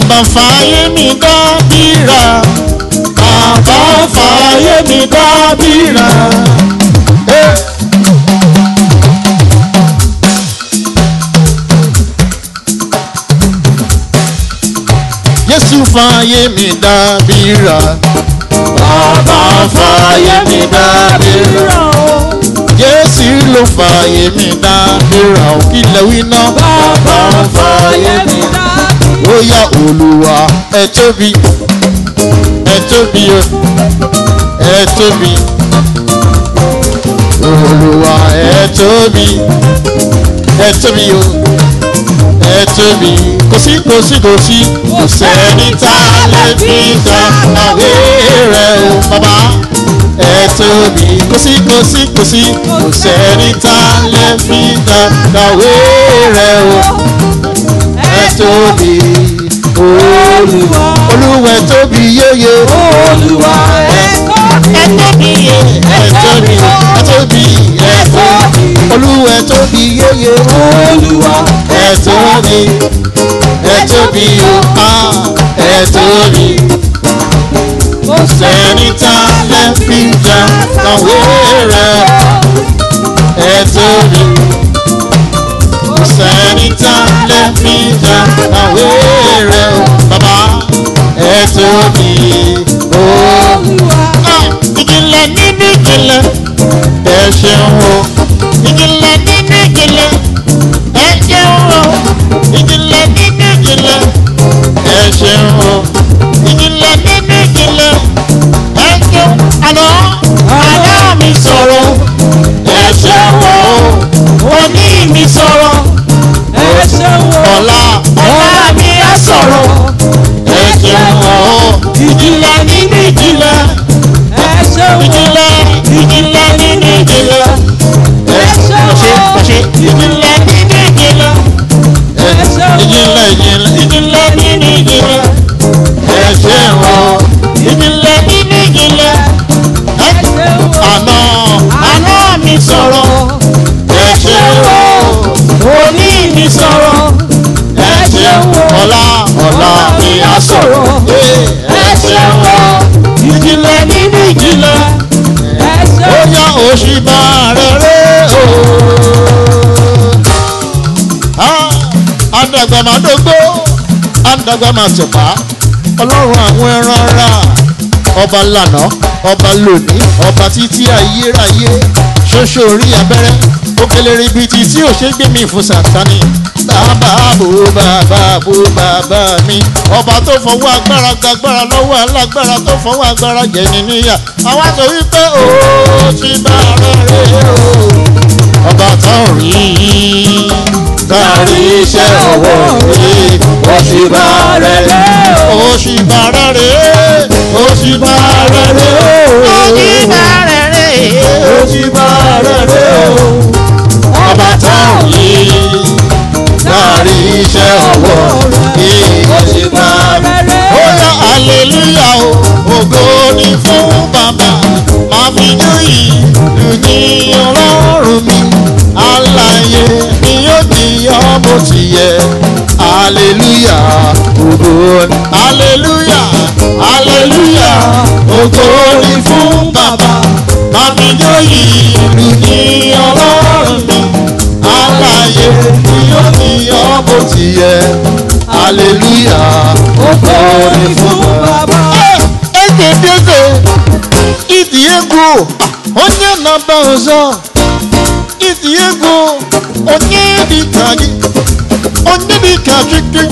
bàbá fàyè mi kábírà bàbá fàyè mi kábírà. Jésù fàyè mi dábìrà. Bàbá fàyè mi dábìrà o. Jésù ló fàyè mi dábìrà o. Kí lẹ wí náà? Bàbá tóbi ẹ tóbi o ẹ tóbi olùwà ẹ tóbi ẹ tóbi o ẹ tóbi kò sí kò sí kò sí kò sẹ́ni tá a lè fi gbà àwé rẹ̀ o bàbá ẹ tóbi kò sí kò kò sẹ́ni tá a lè fi gbà àwé rẹ̀ o ẹ tóbi olúwa olúwa tóbi yéye olúwa ẹ̀kọ́ ẹ̀tóbi ẹ̀tóbi ẹ̀tóbi ẹ̀tóbi olúwa tóbi yéye olúwa ẹ̀tóbi ẹ̀tóbi o ẹ̀tóbi ó sẹ́ni tá a lè fi jà kàwé rẹ̀ ẹ̀tóbi ó sẹ́ni tá a lè fi jà kàwé rẹ̀ rẹ tóbi olúwa. Ah, ìjìnlẹ̀ nínú ìjìnlẹ̀ ẹ ṣeun o. àdàgbà máa dógbó àdàgbà máa tòpá ọlọ́run àwọn ẹran ara ọba lànà ọba lòní ọba títí ayérayé ṣoṣo orí abẹ́rẹ́ òkèlè ribiti tí ò ṣe gbé mi fún sàtánì bàbá bò bàbá bò bàbá mi ọba tó fọwọ́ agbára gagbára lọ́wọ́ alágbára tó fọwọ́ agbára jẹni níyà àwa sọ wípé ó ti bá rẹ̀ rẹ̀ o ọba tó rí i kárí iṣẹ́ ọwọ́ mi ó sì bá rẹ̀ lé ó sì bá rẹ̀ lé ó sì bá rẹ̀ lé ó sì bá rẹ̀ lé ó sì bá rẹ̀ lé ọba táwọn yìí iṣẹ́ ọwọ́ mi ó sì lé ó yá aleluya o ògo ni fún bàbá máa fi jó yìí ọlọ́run mi aláyé tán bó sì yẹ aleluya ògo aleluya aleluya ògo ni fún bàbá bàbí yóò yí ìlú ní ọlọ́run mi aláyé ni yóò ní ọ́ bó sì yẹ aleluya ògo ni fún bàbá. eze dị eze iti egwu onye na-aba ọzọ iti egwu onye dịka gị onye dịka chike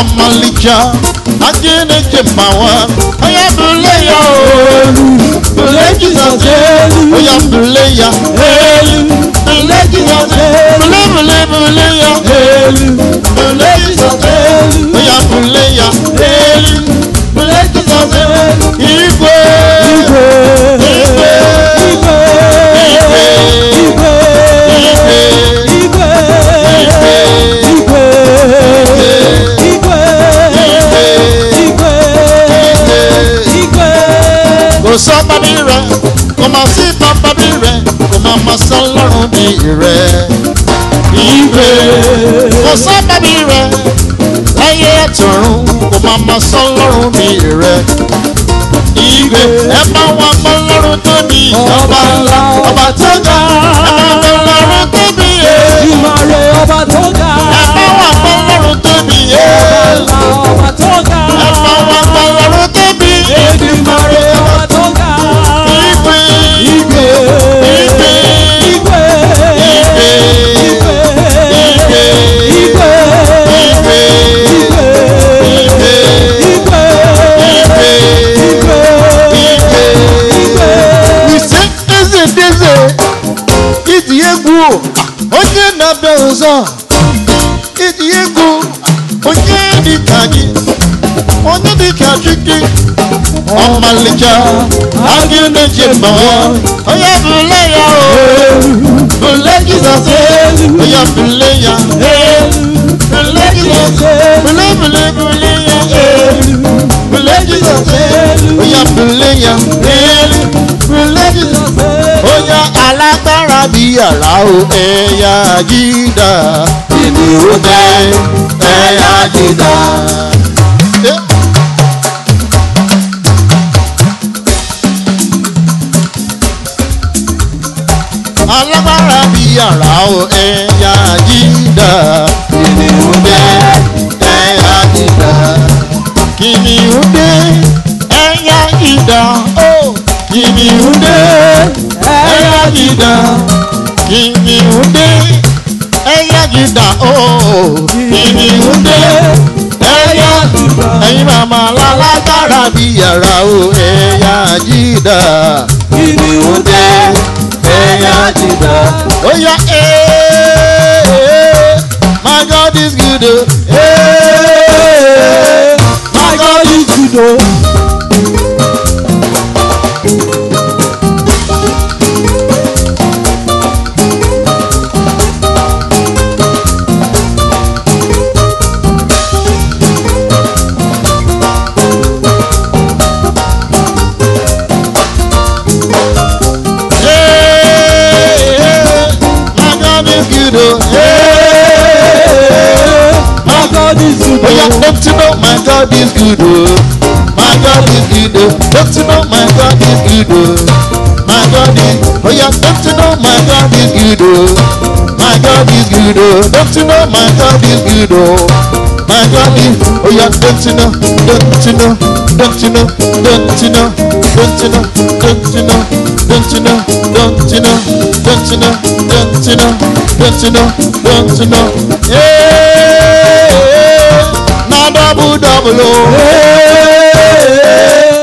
ọmalịcha adị na-eche mmawa onye bụle ya olu bụle jizọs elu onye bụle ya ní rẹ ìwé kò sábàbí rẹ láyé àtọ̀run kò máa ma sọ lọ́rùn mi, rẹ ìwé ẹ bá wà gbọ́ lọ́rùn tó ní ọba ọba tó ga ẹ bá gbọ́ lọ́rùn tó ní ẹ ìmọ̀ rẹ ọba tó ga ẹ bá wà gbọ́ lọ́rùn tó ní ẹ ọba tó ga. malicha agil meje mọwọ oya fule ya o fule jesus oya fule ya fule jesus fule fule fule ya fule jesus oya fule ya fule oya alágbára bí àlá o ẹ̀yà jìdá èmi ò dẹ́ jìdá. o ẹ̀yà jìdá. kìnìún dé ẹ̀yà jìdá. kìnìún dé ẹ̀yà jìdá. Oh, kìnìún dé ẹ̀yà jìdá. kìnìún dé ẹ̀yà jìdá. Oh, kìnìún dé ẹ̀yà jìdá. ẹ̀yin màmá lálágbára bíi yàrá o ẹ̀yà jìdá. kìnìún dé. mighty Oh yeah, hey, eh, eh, hey, eh. my God is good. Hey. God is good, oh. My God is good, oh. Don't you know my God is good, oh. My God is, oh yeah, don't you know my God is good, oh. My God is good, oh. Don't you know my God is good, oh. My God is, oh yeah, don't you know, don't you know, don't you know, don't you know, don't you know, don't you know, don't you know, don't you know, don't you know, don't you know, don't you know, don't you know, yeah. double double o, oh. hey!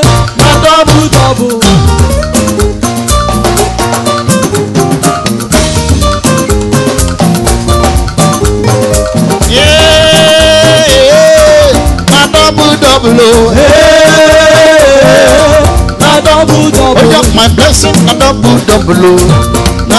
dọ́bù lò. Má dọ́bù dọ́bù. Má dọ́bù dọ́bù hey! Má dọ́bù dọ́bù. Ó yẹ my blessing, má dọ́bù dọ́bù lò.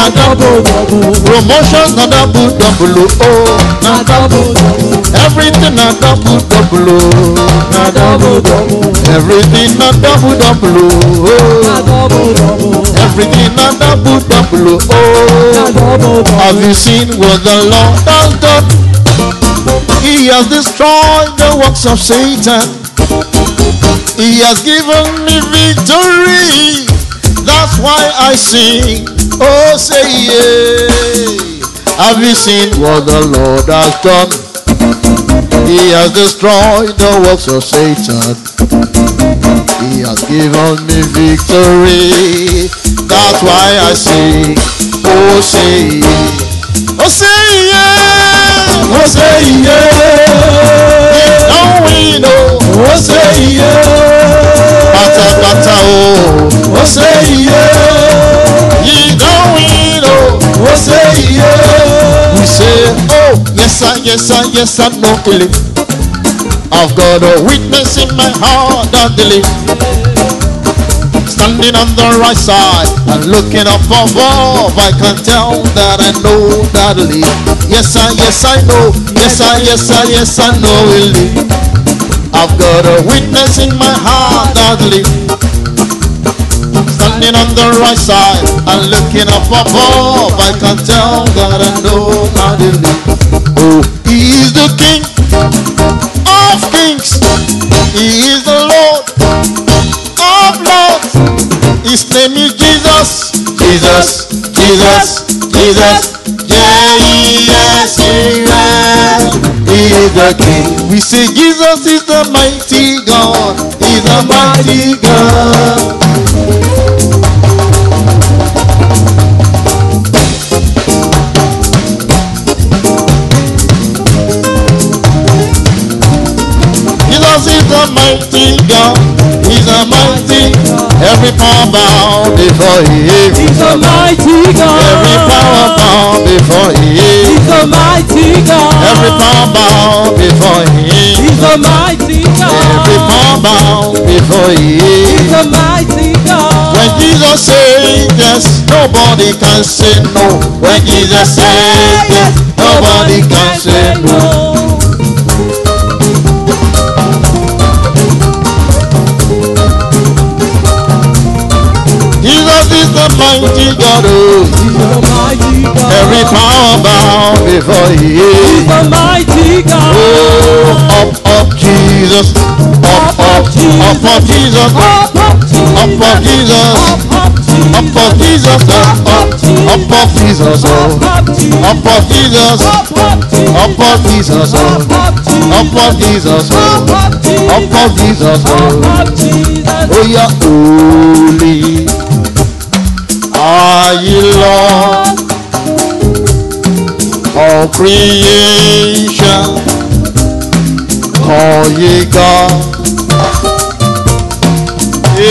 na double double promotion na double double oh na double double everything na double double oh na double double everything na double double oh na double double everything na double double oh na double have you seen what the Lord has done? He has destroyed the works of Satan. He has given me victory. That's why I sing Oh, say yeah. Have you seen what the Lord has done? He has destroyed the works of Satan. He has given me victory. That's why I oh, say, Oh, say yeah. Oh, say yeah. Oh, say yeah. we know? Oh, say yeah. Bata, bata, oh. Oh, say yeah. sir, yes sir, yes I'm no killing. I've got a witness in my heart that delay. Standing on the right side and looking up above, I can tell that I know that I live. Yes sir, yes I know, yes sir, yes sir, yes I know it I've got a witness in my heart that live standing on the right side and looking up above. I can tell that I know Jesus, Jesus, Jesus, yeah, yes, He is the King. We say Jesus is the mighty God, He's the mighty God. Jesus is the mighty God, He's the mighty Every power bow before Him. He's a mighty God. Every power bow before Him. He's a mighty God. Every power bow before Him. He's a mighty God. Every power bow before Him. He's a mighty God. When Jesus says yes, nobody can say no. When Jesus says yes, nobody can say no. mighty God, oh. He's the mighty God. Every power bow before He is. He's the mighty God. Oh, up, up, Jesus. Up, up, up, up, Jesus. Up, up, Jesus. Up, up, Jesus. Up, up, Jesus. Up, up, Jesus. Up, up, Jesus. Up, up, Jesus. Up, up, Jesus. Up, up, Jesus. Oh, you're holy ayé Lord, All creation kọ yé God, ga.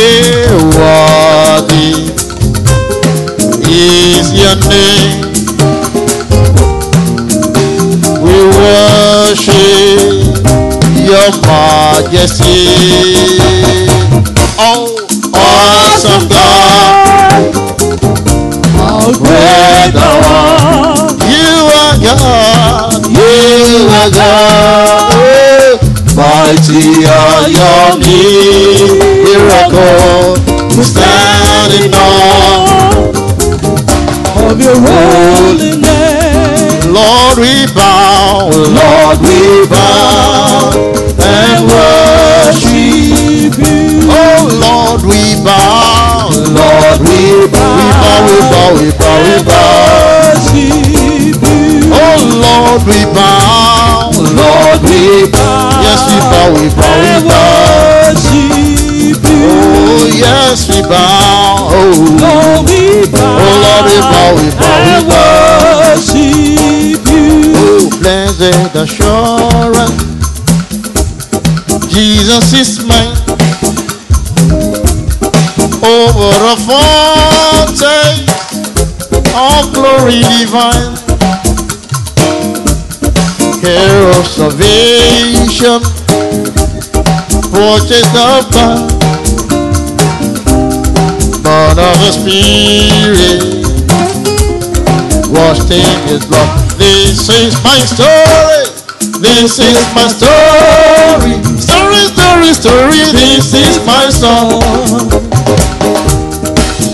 Ewadi is your name. We worship your majesty. All Oh, great Lord. You are God. You are God. Mighty are your miracles. You stand in awe of your holiness. Lord, we bow. Lord, we bow and worship you. Oh, Lord, we bow we bow, we bow, we bow. Oh Lord, we bow. Lord, we bow. Yes, we bow, we bow, we bow. Oh yes, we bow. Oh Lord, we bow. Oh Lord, we bow, we bow, we bow. Oh blessed assurance, Jesus is mine. for a fountain of glory divine. Care of salvation, purchased of God, born of the Spirit, washed in His blood. This is my story. This is my story. Story, story, story. This is my song.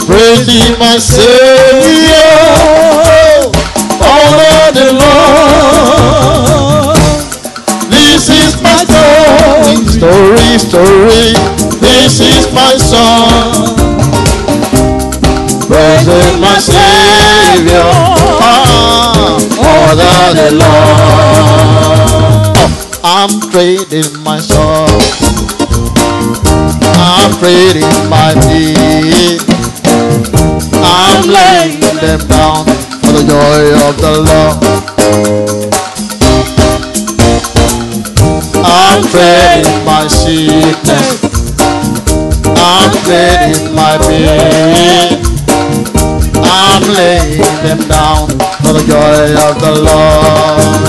Praise thee, my Savior. Honor the Lord. This is my story, story, story. This is my song. Praise my Savior. Ah, honor the Lord. I'm trading my soul. I'm trading my need. I'm laying them down for the joy of the Lord. I'm glad in my sickness. I'm glad in my pain. I'm laying them down for the joy of the Lord.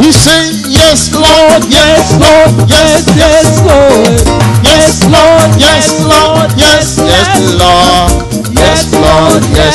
We sing, yes, Lord, yes, Lord, yes, yes, Lord, yes, Lord, yes, Lord.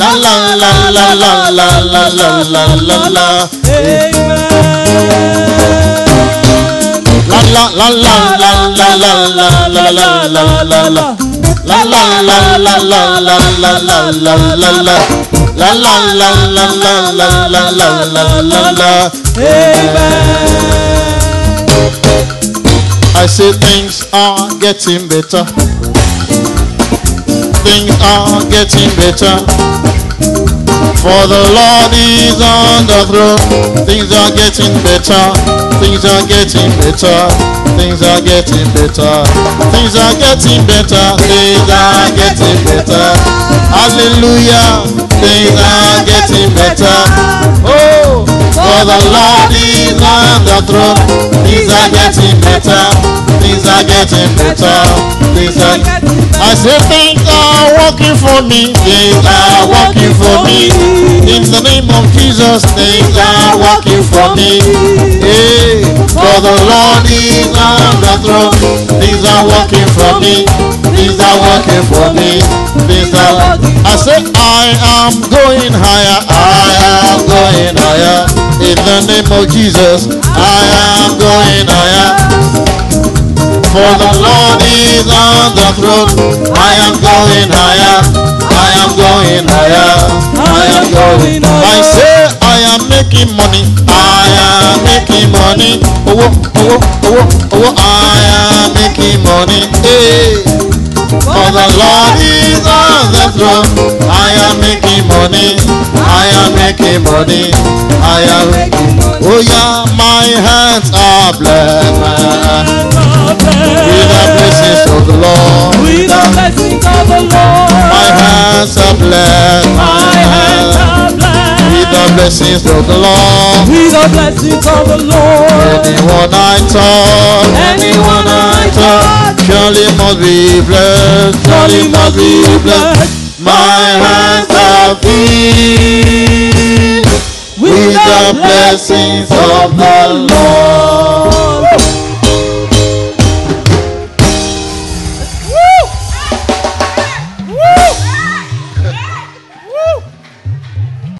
La la la la la la la la la la la. Amen. La la la la la la la la la la la la la. La la la la la la la la la la la. La la la la la la la la la la la. Amen. I say things are getting better. Things are getting better. For the Lord is on the throne. Things are getting better. Things are getting better. Things are getting better. Things are getting better. Things are getting better. Hallelujah. Things are getting better. Oh, for the Lord is on the throne. Things are getting better getting better. Listen, I say things are working for me. Things are working for me. In the name of Jesus, things are working for me. Hey, for the Lord is on the throne. Things are working for me. Things are working for me. Things are. I say I am going higher. I am going higher. In the name of Jesus, I am going higher. For the Lord is on the throne. I am going higher. I am going higher. I am going I say I am making money. I am making money. Oh, oh, oh, oh, oh. I am making money. Hey. For the Lord is on the throne. I am making money. I am making money. I am making money. Oh yeah, my hands are blessed. With the blessings of the Lord. With the blessings of the Lord. My hands blessings of the Lord. See the blessings of the Lord. Anyone I touch, anyone I touch, surely must be blessed. Surely must be blessed. My hands are filled with the blessings of the Lord.